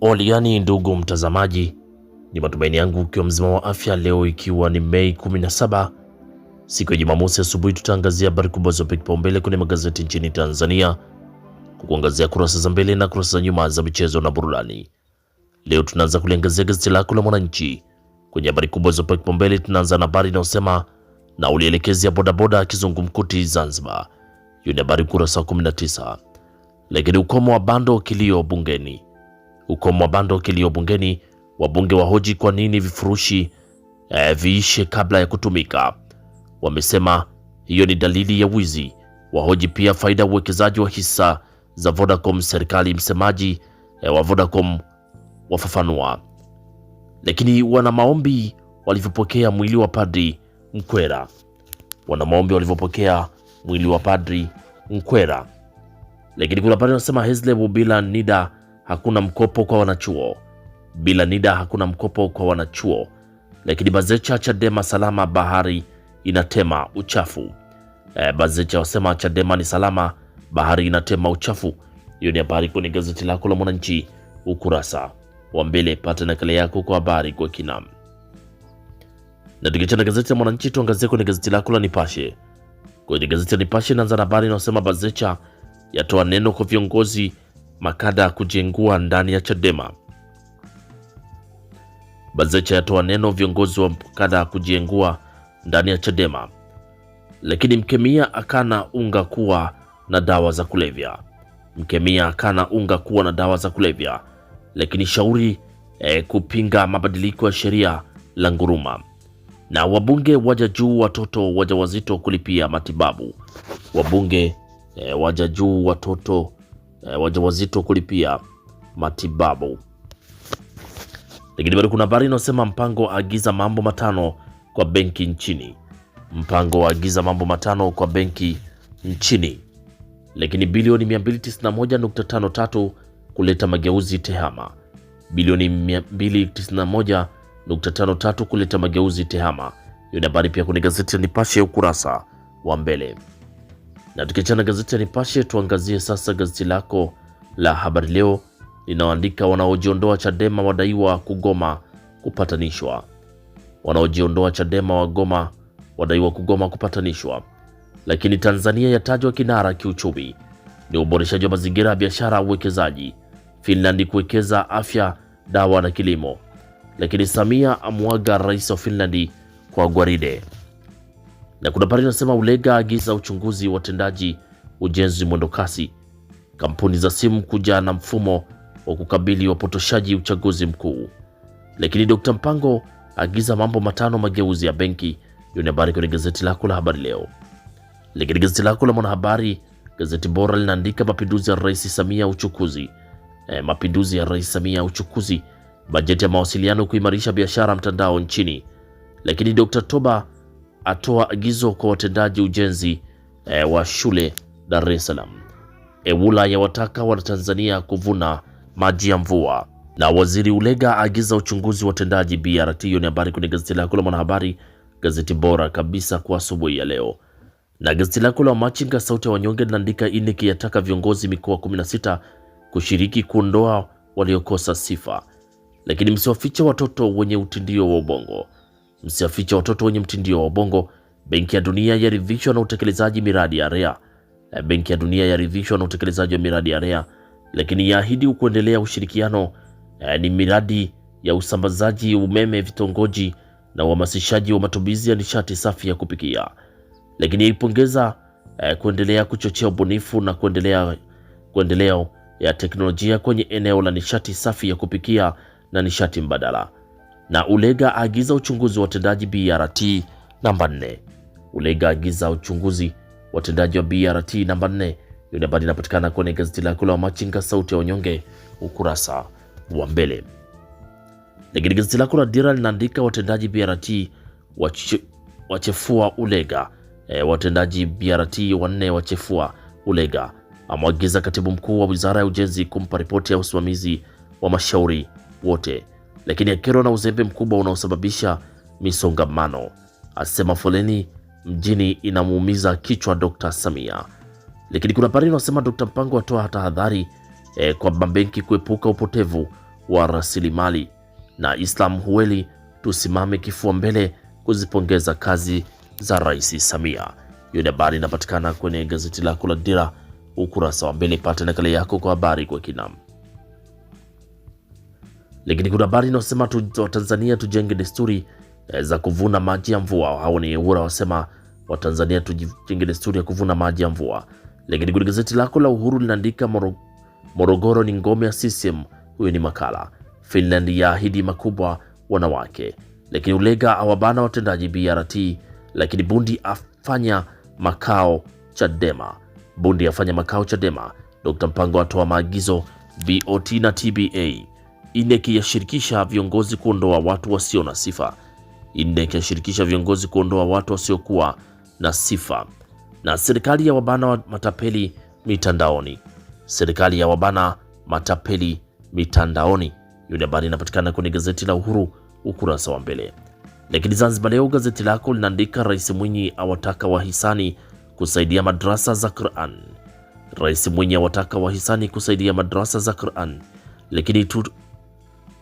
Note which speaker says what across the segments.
Speaker 1: Oliani, ndugu mtazamaji, ni matumaini yangu ukiwa mzima wa afya leo, ikiwa ni Mei 17 siku ya Jumamosi asubuhi, tutaangazia habari kubwa zopea kipaumbele kwenye magazeti nchini Tanzania, kukuangazia kurasa za mbele na kurasa za nyuma za michezo na burudani. Leo tunaanza kuliangazia gazeti lako la Mwananchi kwenye habari kubwa zopewa kipaumbele. Tunaanza na habari inayosema na ulielekezia bodaboda kizungumkuti Zanzibar. Hiyo ni habari ukurasa wa 19. Lakini ukomo wa bando kilio bungeni huko Mwabando kilio bungeni, wabunge wahoji kwa nini vifurushi eh, viishe kabla ya kutumika. Wamesema hiyo ni dalili ya wizi. Wahoji pia faida uwekezaji wa hisa za Vodacom. Serikali msemaji eh, wa Vodacom wafafanua. Lakini wana maombi walivyopokea mwili wa padri Mkwera, wana maombi walivyopokea mwili wa padri Mkwera. Lakini kuna padri anasema Hezle Bubila Nida hakuna mkopo kwa wanachuo. Bila NIDA hakuna mkopo kwa wanachuo. Lakini Bazecha, Chadema salama, bahari inatema uchafu. E, Bazecha wasema Chadema ni salama, bahari inatema uchafu. Hiyo ni habari kwenye gazeti lako la Mwananchi ukurasa wa mbele. Pata nakala yako kwa habari kwa kina. Na tukichana gazeti la Mwananchi, tuangazie kwenye gazeti lako la Nipashe. Kwenye gazeti la Nipashe naanza na habari inayosema Bazecha yatoa neno kwa viongozi makada kujengua ndani ya Chadema. Bazecha yatoa neno viongozi wa makada kujengua ndani ya Chadema, lakini Mkemia akana unga kuwa na dawa za kulevya. Mkemia akana unga kuwa na dawa za kulevya, lakini shauri eh, kupinga mabadiliko ya sheria la nguruma na wabunge waja juu watoto wajawazito kulipia matibabu. Wabunge e, waja juu watoto e, eh, wajawazito kulipia matibabu. Lakini bado kuna habari inayosema mpango aagiza mambo matano kwa benki nchini. Mpango waagiza mambo matano kwa benki nchini. Lakini bilioni 291.53 kuleta mageuzi TEHAMA. Bilioni 291.53 kuleta mageuzi TEHAMA. Hiyo ni habari pia kwenye gazeti ya Nipashe ya ukurasa wa mbele. Na tukiachana gazeti ya Nipashe, tuangazie sasa gazeti lako la Habari Leo linaoandika wanaojiondoa Chadema wadaiwa kugoma kupatanishwa. Wanaojiondoa Chadema wagoma wadaiwa kugoma kupatanishwa. Lakini Tanzania yatajwa kinara kiuchumi, ni uboreshaji wa mazingira ya biashara, uwekezaji. Finland kuwekeza afya, dawa na kilimo. Lakini Samia amwaga rais wa Finland kwa gwaride. Na kuna habari inasema Ulega agiza uchunguzi watendaji ujenzi mwendokasi, kampuni za simu kuja na mfumo wa kukabili wapotoshaji uchaguzi mkuu. Lakini Dr. Mpango agiza mambo matano mageuzi ya benki. Hiyo ni habari kwenye gazeti lako la habari leo. Lakini gazeti lako la Mwanahabari, gazeti bora linaandika mapinduzi ya Rais Samia uchukuzi. E, mapinduzi ya Rais Samia uchukuzi, bajeti ya mawasiliano kuimarisha biashara mtandao nchini. Lakini Dr. Toba atoa agizo kwa watendaji ujenzi e, wa shule Dar es Salaam. Ewula yawataka Wanatanzania kuvuna maji ya mvua, na waziri Ulega aagiza uchunguzi wa watendaji BRT. Hiyo ni habari kwenye gazeti lako la Mwanahabari, gazeti bora kabisa kwa asubuhi ya leo. Na gazeti lako la Machinga sauti ya wanyonge linaandika INEC yataka viongozi mikoa 16 kushiriki kuondoa waliokosa sifa, lakini msiwafiche watoto wenye utindio wa ubongo msiafiche watoto wenye mtindio wa ubongo. Benki ya Dunia yaridhishwa na utekelezaji miradi ya REA. Eh, Benki ya Dunia yaridhishwa na utekelezaji wa miradi ya REA, lakini yaahidi kuendelea ushirikiano eh, ni miradi ya usambazaji umeme vitongoji na uhamasishaji wa matumizi ya nishati safi ya kupikia, lakini yaipongeza eh, kuendelea kuchochea ubunifu na kuendelea kuendelea ya teknolojia kwenye eneo la nishati safi ya kupikia na nishati mbadala na Ulega aagiza uchunguzi wa watendaji BRT namba 4. Ulega aagiza uchunguzi watendaji wa BRT namba 4. Hiyo habari inapatikana kwenye gazeti kula la Machinga sauti ya wanyonge ukurasa wa mbele. Lakini gazeti la la Dira linaandika watendaji BRT wachefua Ulega. E, watendaji BRT wanne wachefua Ulega. Amwagiza katibu mkuu wa wizara ya ujenzi kumpa ripoti ya usimamizi wa mashauri wote lakini akero na uzembe mkubwa unaosababisha misongamano, asema foleni mjini inamuumiza kichwa Dr. Samia. Lakini kuna habari inasema Dr. Mpango atoa tahadhari eh, kwa mabenki kuepuka upotevu wa rasilimali na Islam Hueli, tusimame kifua mbele kuzipongeza kazi za Rais Samia. Hiyo ni habari inapatikana kwenye gazeti lako la Dira ukurasa wa mbele. Pata nakala yako kwa habari kwa kina. Lakini kuna habari inayosema Watanzania tujenge desturi eh, za kuvuna maji ya mvua. Hao ni Uhuru wasema Watanzania tujenge desturi ya kuvuna maji ya mvua. Lakini kwenye gazeti lako la Uhuru linaandika moro, Morogoro ni ngome ya CCM. Huyo ni makala. Finland yaahidi makubwa wanawake. Lakini Ulega awabana watendaji BRT. Lakini Bundi afanya makao Chadema. Bundi afanya makao Chadema. Dr. Mpango atoa maagizo BOT na TBA. INEC yashirikisha viongozi kuondoa watu wasio na sifa. INEC yashirikisha viongozi kuondoa watu wasiokuwa na sifa. Na serikali ya wabana wa matapeli mitandaoni. Serikali ya wabana matapeli mitandaoni. Hiyo ni habari inapatikana kwenye gazeti la Uhuru ukurasa wa mbele. Lakini Zanzibar Leo gazeti lako linaandika Rais Mwinyi awataka wahisani kusaidia madrasa za Qur'an. Rais Mwinyi awataka wahisani kusaidia madrasa za Qur'an. Lakini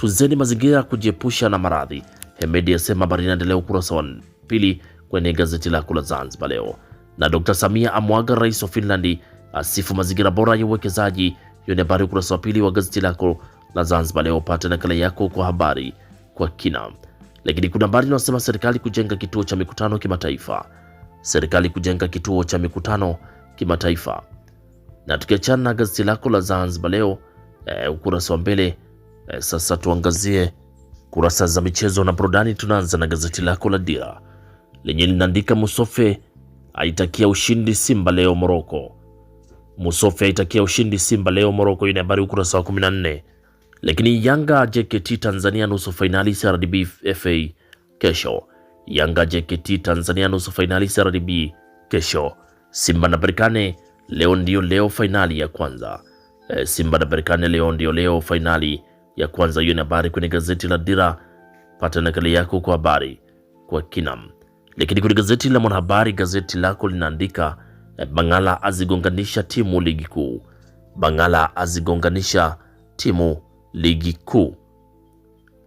Speaker 1: Tunzeni mazingira kujiepusha na maradhi, Hemedi asema. Habari inaendelea ukurasa wa pili kwenye gazeti lako la Zanzibar Leo. Na Dr Samia amwaga rais wa Finlandi, asifu mazingira bora ya uwekezaji. Hiyo ni habari ukurasa wa pili wa gazeti lako la Zanzibar Leo. Pata nakala yako kwa habari kwa kina. Lakini kuna habari inasema serikali kujenga kituo cha mikutano kimataifa, serikali kujenga kituo cha mikutano kimataifa. Na tukiachana na gazeti lako la Zanzibar Leo eh, ukurasa wa mbele E, sasa tuangazie kurasa za michezo na burudani. Tunaanza na gazeti lako la Dira lenye linaandika Musofe aitakia ushindi Simba leo Moroko. Musofe aitakia ushindi Simba leo Moroko, ina habari ukurasa wa 14. Lakini Yanga JKT Tanzania nusu fainali CRDB FA kesho. Yanga JKT Tanzania nusu fainali CRDB kesho. Simba na Berkane leo ndio leo fainali ya kwanza. E, Simba na Berkane leo ndio leo fainali ya kwanza. Hiyo ni habari kwenye gazeti la Dira, pata nakali yako kwa habari kwa kinam. Lakini kwenye gazeti la Mwanahabari, gazeti lako linaandika eh, Bangala azigonganisha timu ligi kuu, Bangala azigonganisha timu ligi kuu.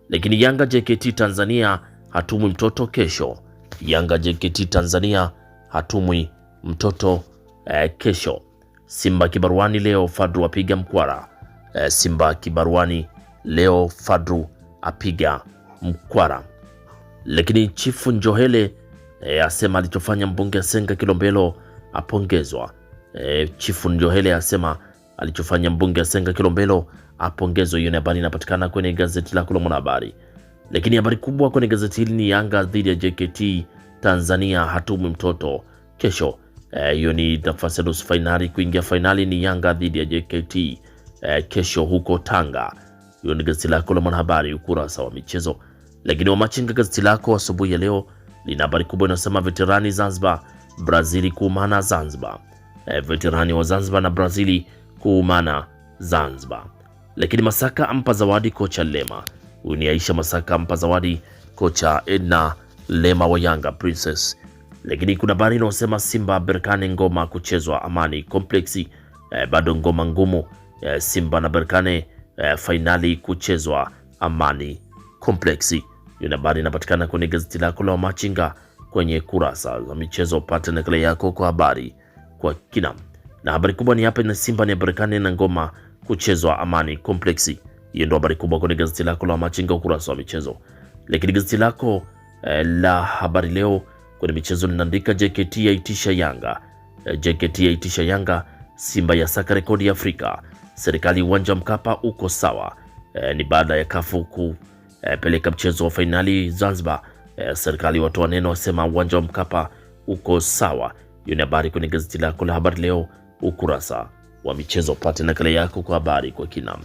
Speaker 1: Lakini Yanga JKT Tanzania hatumwi mtoto kesho, Yanga JKT Tanzania hatumwi mtoto eh, kesho. Simba kibaruani leo, Fadru apiga mkwara eh, Simba kibaruani Leo Fadru apiga mkwara. Lakini Chifu Njohele e, asema alichofanya mbunge Senga Kilombero apongezwa. E, Chifu Njohele asema alichofanya mbunge Senga Kilombero apongezwa. Hiyo ni habari inapatikana kwenye gazeti lako la Mwanahabari. Lakini habari kubwa kwenye gazeti hili ni Yanga dhidi ya JKT Tanzania, hatumwi mtoto kesho. E, hiyo e, ni nafasi ya nusu fainali kuingia fainali ni Yanga dhidi ya JKT e, kesho huko Tanga. Hiyo ni gazeti lako la Mwanahabari ukurasa wa michezo. Lakini Wamachinga, gazeti lako asubuhi ya leo lina habari kubwa inasema veterani Zanzibar Brazili kuumana Zanzibar. E, veterani wa Zanzibar na Brazili kuumana Zanzibar. Lakini Masaka ampa zawadi kocha Lema. Huyu ni Aisha Masaka ampa zawadi kocha Edna Lema wa Yanga Princess. Lakini kuna habari inayosema Simba Berkane ngoma kuchezwa Amani Complex. E, bado ngoma ngumu. E, Simba na Berkane eh, fainali kuchezwa Amani Complex. Hiyo habari inapatikana kwenye gazeti lako la Machinga kwenye kurasa za michezo. Pata nakala yako kwa habari kwa kina. Na habari kubwa ni hapa, na Simba ni Berkane na ngoma kuchezwa Amani Complex. Hiyo ndio habari kubwa kwenye gazeti lako la Machinga ukurasa wa michezo. Lakini gazeti lako eh, la habari leo kwenye michezo linaandika JKT yaitisha Yanga, eh, JKT yaitisha Yanga, Simba ya saka rekodi Afrika serikali uwanja Mkapa uko sawa. E, ni baada ya kafu kupeleka e, mchezo wa fainali Zanzibar. E, serikali watoa neno wasema uwanja wa Mkapa uko sawa. Hiyo ni habari kwenye gazeti lako la habari leo ukurasa wa michezo, upate nakala yako kwa habari kwa kina.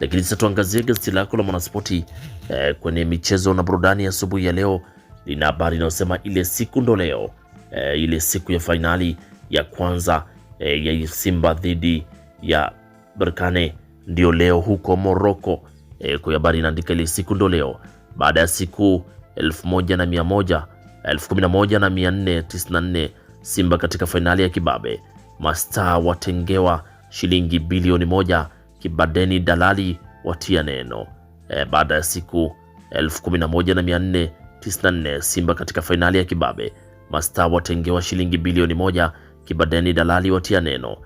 Speaker 1: Lakini sasa tuangazie gazeti lako la Mwanaspoti e, kwenye michezo na burudani asubuhi ya, ya leo lina habari inayosema ile siku ndo leo e, ile siku ya fainali ya kwanza e, ya Simba dhidi ya Berkane ndio leo huko Morocco. E, kwa habari inaandika ile siku ndio leo baada ya siku 1100 11494 Simba katika fainali ya kibabe, masta watengewa shilingi bilioni moja, kibadeni dalali watia neno. E, baada ya siku 11494 Simba katika fainali ya kibabe, masta watengewa shilingi bilioni moja, kibadeni dalali watia neno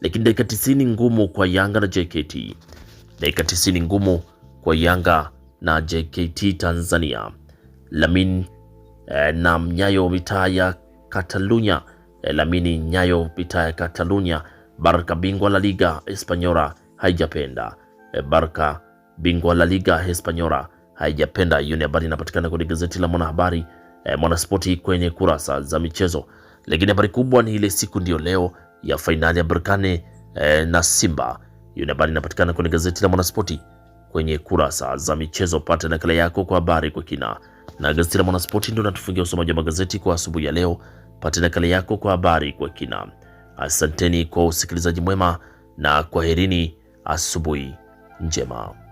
Speaker 1: lakini dakika 90 ngumu kwa Yanga na JKT. Dakika 90 ngumu kwa Yanga na JKT Tanzania. Lamin eh, na Nyayo mitaa ya Catalunya eh, Lamini Nyayo mitaa ya Catalunya. Barca bingwa la Liga Hispaniola haijapenda eh, Barca bingwa la Liga Hispaniola haijapenda. Hiyo ni habari inapatikana kwenye gazeti la Mwanahabari eh, Mwanaspoti kwenye kurasa za michezo, lakini habari kubwa ni ile siku ndiyo leo ya fainali ya Berkane eh, na Simba. Hiyo ni habari inapatikana kwenye gazeti la Mwanaspoti kwenye kurasa za michezo. Pata nakala yako kwa habari kwa kina, na gazeti la Mwanaspoti ndio natufungia usomaji wa magazeti kwa asubuhi ya leo. Pata nakala yako kwa habari kwa kina. Asanteni kwa usikilizaji mwema na kwaherini, asubuhi njema.